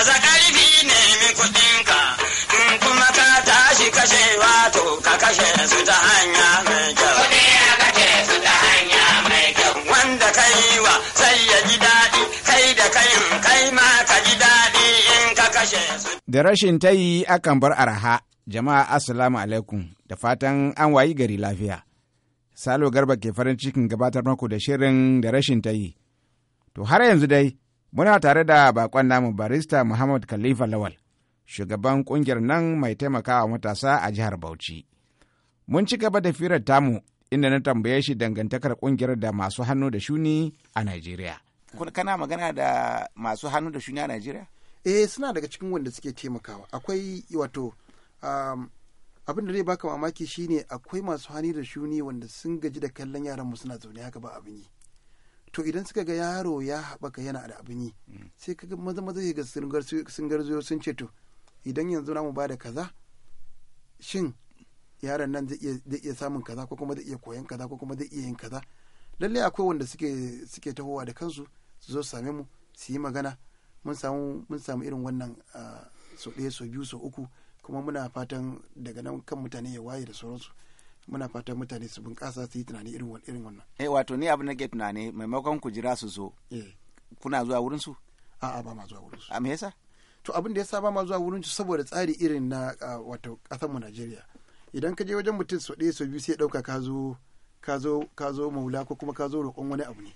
Baza ƙarfi ne min kuɗinka, in kuma ka tashi kashe wato ka kashe su ta hanya mai kyau. Kuɗi ya kashe su ta hanya mai kyau. Wanda ka yi wa sai ya ji daɗi, kai da kayin kai ma ka ji daɗi in ka kashe su. Da rashin ta yi akan bar araha, jama'a assalamu alaikum da fatan an wayi gari lafiya. Salo Garba ke farin cikin gabatar maku da shirin da rashin ta yi. To har yanzu dai, Muna tare da bakon namu barista Muhammad Khalifa Lawal, shugaban kungiyar nan mai taimakawa matasa a jihar Bauchi. Mun ci gaba da firar tamu inda na tambaye shi dangantakar kungiyar da masu hannu da shuni a Najeriya. Kana magana da masu hannu da shuni a Najeriya? Eh suna daga cikin wanda suke taimakawa. Akwai wato um, abin da zai baka mamaki shine akwai masu hannu da shuni wanda sun gaji da kallon yaran mu suna zaune haka ba abin yi. to idan suka ga yaro ya haɓaka yana da abin yi mm. sai kaga maza maza ga sun garzo sun ce to idan yanzu na mu bada kaza shin yaron nan zai iya samun kaza ko kuma zai iya koyan kaza ko kuma zai iya yin kaza lallai akwai wanda suke suke tahowa da kansu su zo same mu su yi magana mun samu irin wannan so ɗaya so biyu so uku kuma muna fatan daga nan kan mutane ya waye da sauransu muna fatan mutane su bunƙasa su yi tunani irin irin wannan eh wato ni abin da ke tunani maimakon ku jira su zo eh. kuna zuwa wurin su a'a ba ma zuwa wurin su a me yasa to abin da yasa ba ma zuwa wurin su saboda tsari irin na wato ƙasar mu Najeriya idan ka je wajen mutum su ɗaya sau biyu sai ɗauka ka zo ka zo ka zo maula ko kuma ka zo roƙon wani abu ne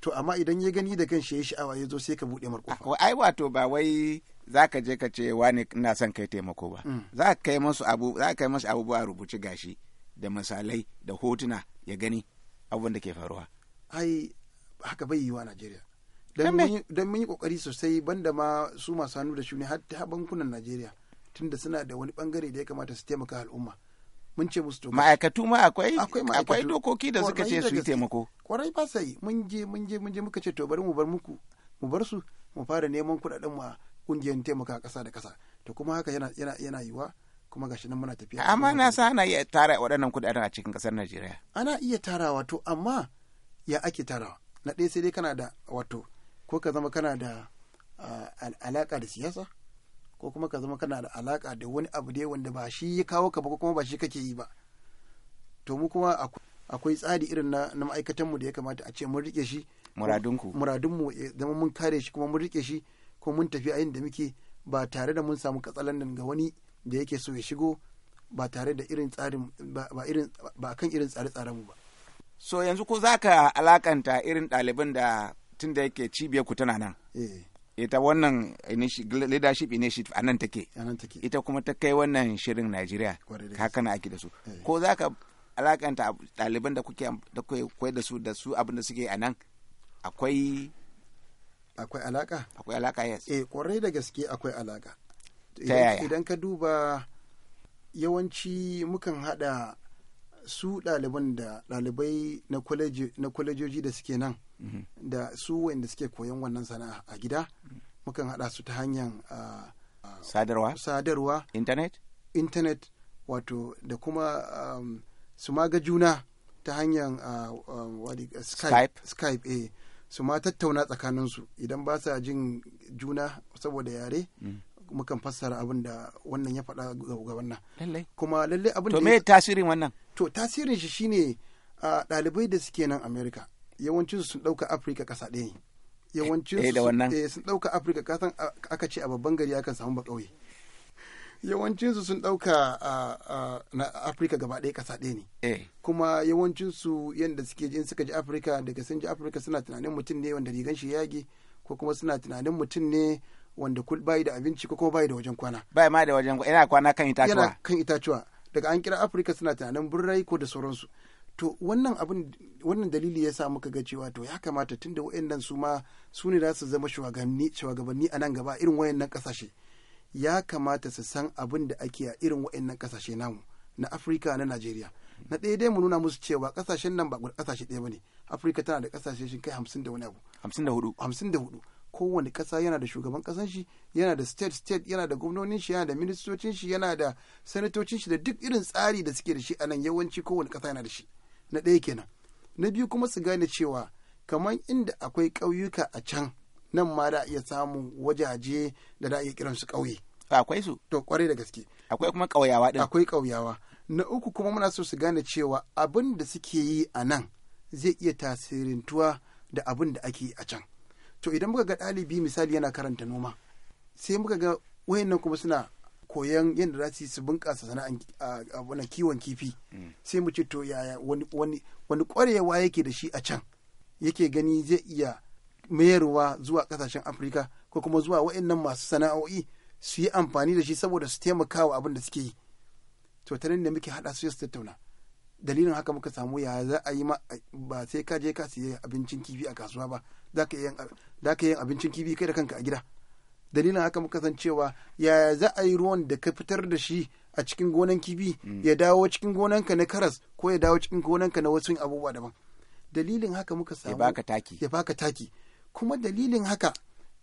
to amma idan ya gani da kan shi ya sha'awa ya zo sai ka buɗe mar kofa ai wato ba wai za ka je ka ce wani ina son kai taimako ba mm. za ka kai masu abu za ka kai masu abubuwa rubuci gashi da misalai da hotuna ya gani abin da ke faruwa ai haka bai yiwa najeriya don mun yi kokari sosai banda ma su masu hannu da shuni har ta bankunan najeriya tunda suna da wani bangare da ya kamata su taimaka al'umma mun ce musu to ma'aikatu ma akwai akwai dokoki da suka ce su yi taimako kwarai ba sai mun je mun je mun je muka ce to bari mu bar muku mu bar su mu fara neman kuɗaɗen mu a kungiyar taimaka kasa da kasa to kuma haka yana yana yana yiwa kuma gashi nan muna tafiya amma na sa ana iya tara waɗannan kuɗaɗen a cikin ƙasar Najeriya ana iya tarawa wato amma ya ake tarawa na ɗaya sai dai kana da wato ko ka zama kana da ah, alaƙa da siyasa ko kuma ka zama kana da alaƙa da wani abu dai wanda ba shi ya kawo ka ba ko kuma ba shi kake yi ba to mu kuma akwai tsari irin na ma'aikatanmu da ya kamata a ce mun riƙe shi muradunku muradunmu zama mun kare shi kuma mun riƙe shi ko mun tafi a yin da muke ba tare da mun samu katsalandan ga wani da yake so ya shigo ba tare da irin tsarin ba irin ba kan irin tsare-tsaren mu ba so yanzu ko zaka alakanta irin ɗaliban da tun da yake cibiyar ku tana nan eh. ita wannan leadership initiative a nan take ita kuma ta kai wannan shirin Najeriya haka na ake da su eh. ko zaka alakanta ɗaliban da kuke da kai da su da su abin da suke a nan akwai akwai alaka akwai alaka yes eh kwarai da gaske akwai alaka idan ka duba yawanci mukan haɗa su ɗaliban da ɗalibai na kwalejoji da suke nan mhm. da su wanda suke koyon wannan sana'a a gida mukan haɗa su ta hanyar sadarwa sadarwa internet internet wato da kuma um, su maga juna ta hanyar skype skype eh su ma tattauna tsakaninsu idan ba sa jin juna saboda yare mm. mukan fassara abin da wannan ya faɗa ga wannan kuma lallai abin to me tasirin wannan to tasirin shi shine ɗalibai da suke nan america yawancin sun ɗauka afirka ƙasa ɗaya ne yawancin eh, eh, sun ɗauka afirka kasan aka ce a babban gari akan samu ba ƙauye yawancinsu sun ɗauka na afirka gaba ɗaya ƙasa ɗaya ne eh. kuma yawancinsu yadda suke jin suka ji afirka daga sun ji afirka suna tunanin mutum ne wanda rigan shi yage ko kuma suna tunanin mutum ne wanda kul bai da abinci ko kuma bayi da wajen kwana bai ma da wajen kwana. yana kwana kan itatuwa yana kan itatuwa daga an kira afirka suna tunanin birrai ko da sauransu to wannan abin wannan dalili ya sa muka ga cewa to ya kamata tunda wayannan su ma su ne za su zama shugabanni shugabanni a nan gaba irin wayannan kasashe ya kamata su san abin da ake a irin wayannan kasashe namu na afirka na najeriya na ɗaya dai mu nuna musu cewa kasashen nan ba kasashe ɗaya ba ne afirka tana da kasashe shi kai hamsin da wani abu hamsin da hudu hamsin da hudu kowane ƙasa yana da shugaban ƙasan shi yana da state state yana da gwamnonin shi yana da ministocin shi yana da sanatocin shi da duk irin tsari da suke da shi a nan yawanci kowane ƙasa yana da shi na ɗaya kenan na biyu kuma su gane cewa kamar inda akwai ƙauyuka a can nan ma da iya samun wajaje da da iya kiran su ƙauye akwai su to kwarai da gaske akwai kuma ƙauyawa din akwai ƙauyawa na uku kuma muna so su gane cewa abin da suke yi a nan zai iya tasirintuwa da abin da ake yi a can to idan muka ga ɗalibi misali yana karanta noma sai muka ga wayannan kuma suna koyan yadda za su su bunƙasa sana'a wani kiwon kifi mm. sai mu ce to yaya wani ƙwarewa yake da shi a can yake gani zai iya mayarwa zuwa ƙasashen afirka ko kuma zuwa wayannan masu sana'o'i su yi amfani da shi saboda su taimakawa abin da suke yi to ta nan da muke haɗa su su tattauna dalilin haka muka samu ya za a yi ba sai ka je ka siya abincin kifi a kasuwa ba za ka yi abincin kifi kai da kanka a gida dalilin haka muka san cewa ya za a yi ruwan da ka fitar da shi a cikin gonan kifi mm. ya dawo cikin gonanka na karas ko ya dawo cikin gonanka na wasu abubuwa daban dalilin haka muka samu ya baka taki ya baka taki kuma dalilin haka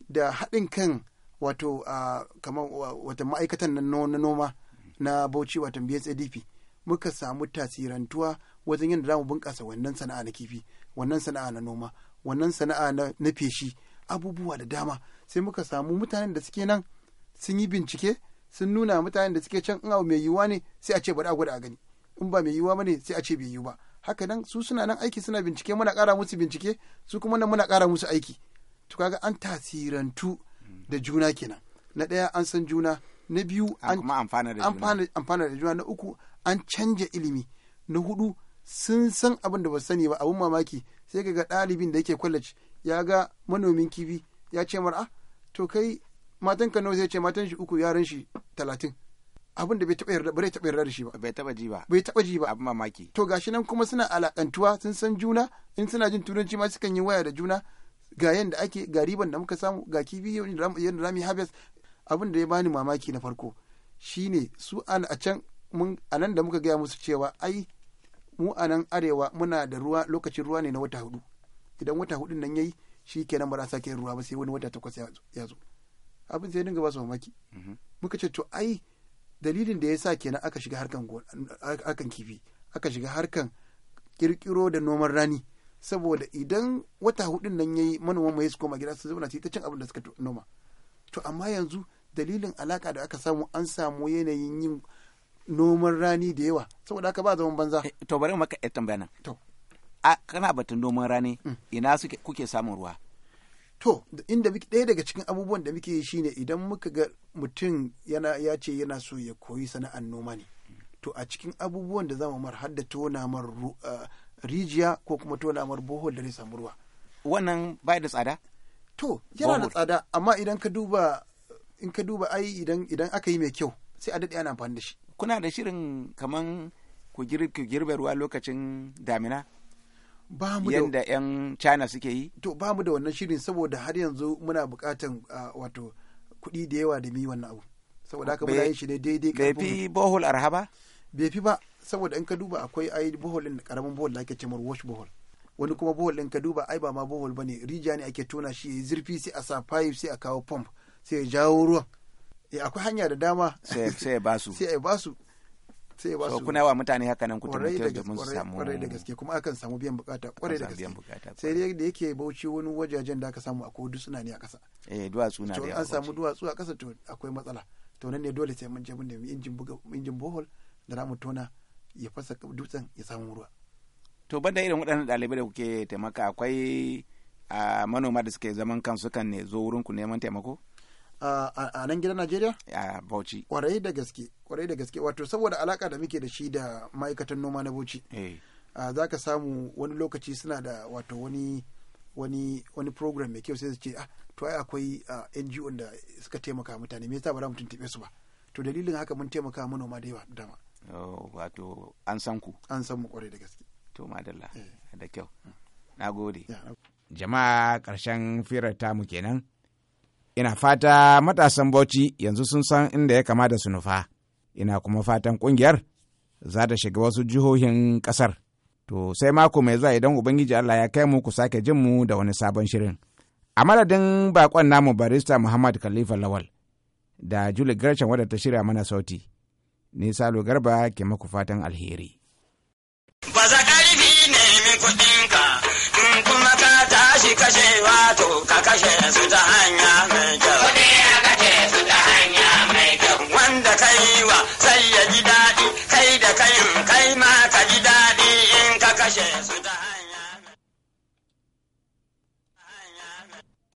da haɗin kan wato ah, kamar ah, wata ma'aikatan na noma na bauchi wato bsadp muka samu tasirantuwa wajen yadda za mu bunƙasa wannan sana'a na kifi wannan sana'a na noma wannan sana'a na feshi abubuwa da dama sai muka samu mutanen da suke nan sun yi bincike sun nuna mutanen da suke can in abu mai yiwuwa ne sai a ce bari a gwada a gani in ba mai yiwuwa ne sai a ce bai yiwu ba haka nan su suna nan aiki suna bincike muna ƙara musu bincike su kuma nan muna ƙara musu aiki to kaga an tasirantu da juna kenan na ɗaya an san juna na biyu an amfana da juna na uku an canja ilimi na hudu sun san abin da ba sani ba abin mamaki sai ga ɗalibin da yake college ya ga manomin kifi ya ce mara ah, to kai matan ka nawa sai ce matan shi uku yaran shi talatin abin da bai taɓa yarda da shi ba bai taɓa ji ba bai taɓa ji ba abin mamaki to gashi nan kuma suna alakantuwa sun san juna in suna jin turanci ma sukan yi waya da juna ga yanda ake ga riban da muka samu ga kifi yadda zamu yi harvest abin da ya bani mamaki na farko shine su an a can a nan da muka gaya musu cewa ai mu a nan arewa muna da ruwa lokacin ruwa ne na wata hudu idan wata hudun nan yayi shi kenan ba za sake ruwa ba sai wani wata takwas ya zo abin sai dinga ba su mamaki mm-hmm. muka ce to ai dalilin da ya sa kenan aka shiga harkan harkan kifi aka shiga harkan kirkiro da noman rani saboda idan wata hudun nan yayi manoman mai su koma gida su zauna su ta cin abin da suka noma to amma yanzu dalilin alaka da aka samu an samu yanayin yin noman rani da yawa saboda haka ba zaman banza eh, to bari maka yar tambaya nan to a kana batun noman rani mm. ina suke kuke samun ruwa to inda ɗaya daga cikin abubuwan da muke yi shine idan muka ga mutum yana ya ce yana so ya koyi sana'ar noma ne to a cikin abubuwan da zamu mar hadda tona mar rijiya ko kuma tona mar bohol da zai samu ruwa wannan bai da tsada to yana da tsada amma idan ka duba in ka duba ai idan idan aka yi mai kyau sai a daɗe ana amfani da shi kuna da shirin kaman ku girbe ruwa lokacin damina ba mu da yanda yan china suke yi to ba mu da wannan shirin saboda har yanzu muna bukatan wato kuɗi da yawa da mi wannan abu saboda haka muna yin shi ne daidai bai fi bohol arhaba bai fi ba saboda in ka duba akwai ai bohol din karamin bohol da ake cemar wash bohol wani kuma bohol din ka duba ai ba ma bohol bane rija ne ake tona shi zurfi sai a sa pipe sai a kawo pump sai ya jawo ruwan Eh, akwai hanya da dama sai ya basu sai ya basu sai ya basu kuna wa mutane haka nan ku tabbatar da mun samu kwarai da gaske kuma akan samu biyan bukata kwarai da gaske sai dai da yake bauchi wani wajajen da aka samu akwai dutsuna ne a kasa eh duwatsu na da an samu duwatsu a kasa to akwai matsala to nan ne dole sai mun je mun nemi injin buga injin bohol da mu tona ya fasa dutsen ya samu ruwa to banda irin waɗannan ɗalibai da kuke taimaka akwai a ah, manoma da suke zaman kansu kan ne zo wurinku neman taimako a nan gidan Najeriya? Ya Bauchi. Kwarai da gaske, kwarai da gaske. Wato saboda alaka da muke da shi da ma'aikatan noma na Bauchi. Eh. Za ka samu wani lokaci suna da wato wani wani wani program mai kyau sai su ce ah to ai akwai NGO da suka taimaka mutane me yasa ba za mu tuntube su ba. To dalilin haka mun taimaka noma da yawa dama. Oh, wato an san ku. An san mu kwarai da gaske. To madalla eh. da kyau. Na gode. Jama'a ƙarshen firar tamu kenan. ina fata matasan bauchi yanzu sun san inda ya kamata su nufa ina kuma fatan kungiyar za ta shiga wasu jihohin kasar to sai mako mai zuwa idan ubangiji allah ya kai mu ku sake jin mu da wani sabon shirin a madadin bakon namu barista muhammad khalifa lawal da julie gershon wadda ta shirya mana sauti ni salo garba ke maku fatan alheri ba za kuma ka tashi kashe wato ka kashe